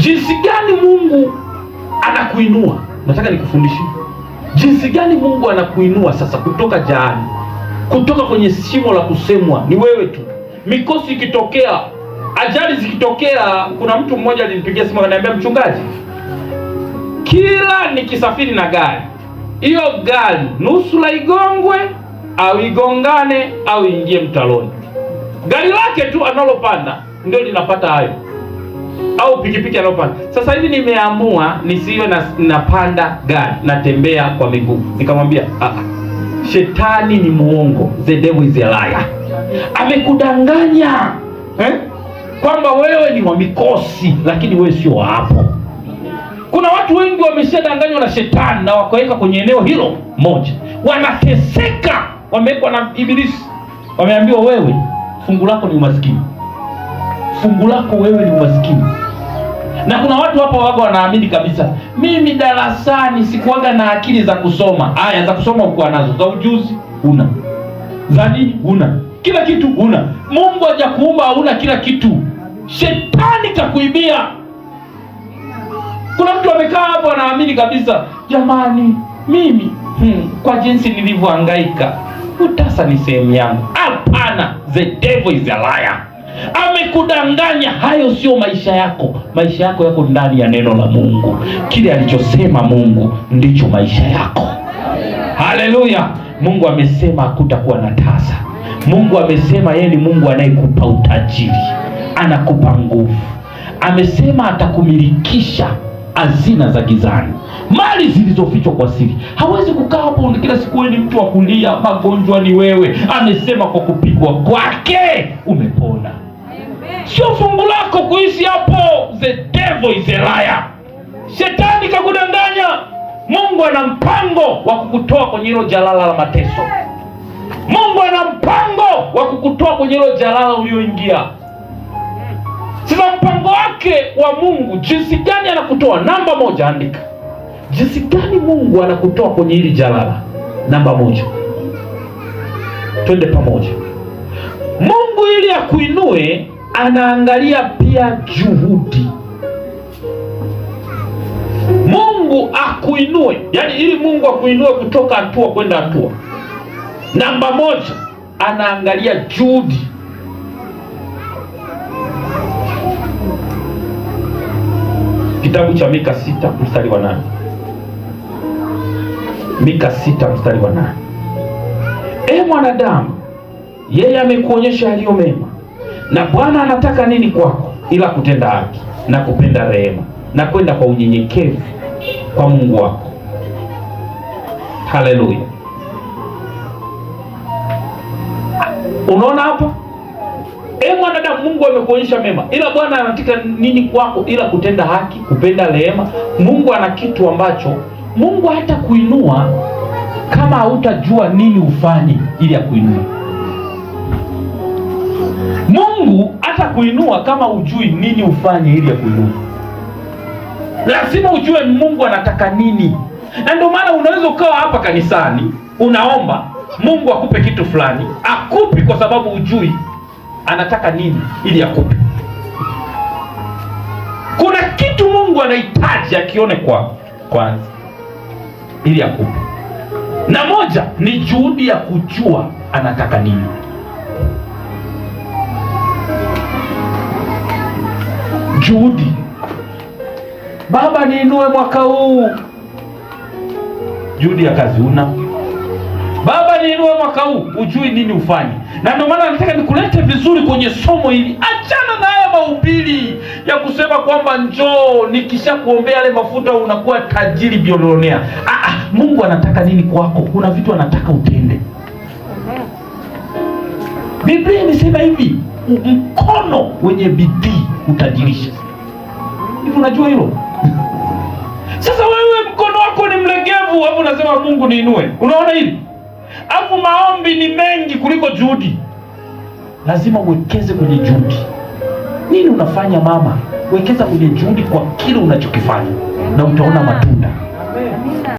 jinsi gani Mungu anakuinua. Nataka nikufundishe jinsi gani Mungu anakuinua sasa, kutoka jaani, kutoka kwenye shimo la kusemwa ni wewe tu. Mikosi ikitokea, ajali zikitokea. Kuna mtu mmoja alinipigia simu akaniambia, mchungaji, kila nikisafiri na gari hiyo gari nusura igongwe au igongane au ingie mtaloni, gari lake tu analopanda ndio linapata hayo au pikipiki anayopanda. Sasa hivi nimeamua nisiwe na napanda gari, natembea kwa miguu. Nikamwambia ah, ah shetani ni muongo, the devil is a liar. Amekudanganya eh? kwamba wewe ni wa mikosi, lakini wewe sio hapo. Kuna watu wengi wameshadanganywa na shetani na wakaweka kwenye eneo hilo moja, wanateseka, wamewekwa na Ibilisi, wameambiwa wewe fungu lako ni umaskini fungu lako wewe ni umaskini. Na kuna watu hapo waga wanaamini kabisa, mimi darasani sikuwaga na akili za kusoma. Aya za kusoma ukuwa nazo, za ujuzi una, za nini una, kila kitu una. Mungu hajakuumba una kila kitu, shetani kakuibia. Kuna mtu amekaa hapo anaamini kabisa, jamani, mimi hmm, kwa jinsi nilivyohangaika utasa ni sehemu yangu. Hapana, the devil is a liar wamekudanganya, hayo sio maisha yako. Maisha yako yako ndani ya neno la Mungu. Kile alichosema Mungu ndicho maisha yako. Haleluya! Mungu amesema hakutakuwa na tasa. Mungu amesema yeye ni Mungu anayekupa utajiri, anakupa nguvu. Amesema atakumilikisha hazina za gizani, mali zilizofichwa kwa siri. Hawezi kukaa hapo kila siku ni mtu wa kulia, magonjwa ni wewe. Amesema kwa kupigwa kwake umepona sio fungu lako kuishi hapo. The devil is a liar. Shetani kakudanganya. Mungu ana mpango wa kukutoa kwenye hilo jalala la mateso. Mungu ana mpango wa kukutoa kwenye hilo jalala ulioingia. Sasa mpango wake wa Mungu jinsi gani anakutoa? Namba moja, andika jinsi gani Mungu anakutoa kwenye hili jalala. Namba moja, twende pamoja. Mungu ili akuinue anaangalia pia juhudi. Mungu akuinue, yaani ili Mungu akuinue kutoka hatua kwenda hatua, namba moja anaangalia juhudi. Kitabu cha Mika sita mstari wa nane. Mika sita mstari wa nane. E mwanadamu, yeye amekuonyesha yaliyo mema na Bwana anataka nini kwako ila kutenda haki na kupenda rehema na kwenda kwa unyenyekevu kwa Mungu wako. Haleluya! Unaona hapa, e mwanadamu, Mungu amekuonyesha mema, ila Bwana anataka nini kwako ila kutenda haki, kupenda rehema. Mungu ana kitu ambacho Mungu hata kuinua kama hautajua nini ufanye ili ya kuinua hata kuinua kama ujui nini ufanye ili ya kuinua, lazima ujue Mungu anataka nini. Na ndio maana unaweza ukawa hapa kanisani unaomba Mungu akupe kitu fulani, akupi kwa sababu ujui anataka nini ili akupe. Kuna kitu Mungu anahitaji akione kwa kwanza ili akupe, na moja ni juhudi ya kujua anataka nini. juhudi. Baba, niinue mwaka huu, juhudi una Baba, niinue mwaka huu, ujui nini ufanye. Na ndio maana nataka nikulete vizuri kwenye somo hili. Achana na haya mahubiri ya kusema kwamba njoo, nikisha kuombea yale mafuta unakuwa tajiri bilionea. Ah, ah, Mungu anataka nini kwako? Kuna vitu anataka utende. Biblia imesema hivi, mkono wenye bidii utajirisha. Hivi unajua hilo? Sasa wewe mkono wako ni mlegevu, hapo unasema Mungu niinue. Unaona hili? Alafu maombi ni mengi kuliko juhudi. Lazima uwekeze kwenye juhudi. Nini unafanya mama? Wekeza kwenye juhudi kwa kile unachokifanya na utaona matunda.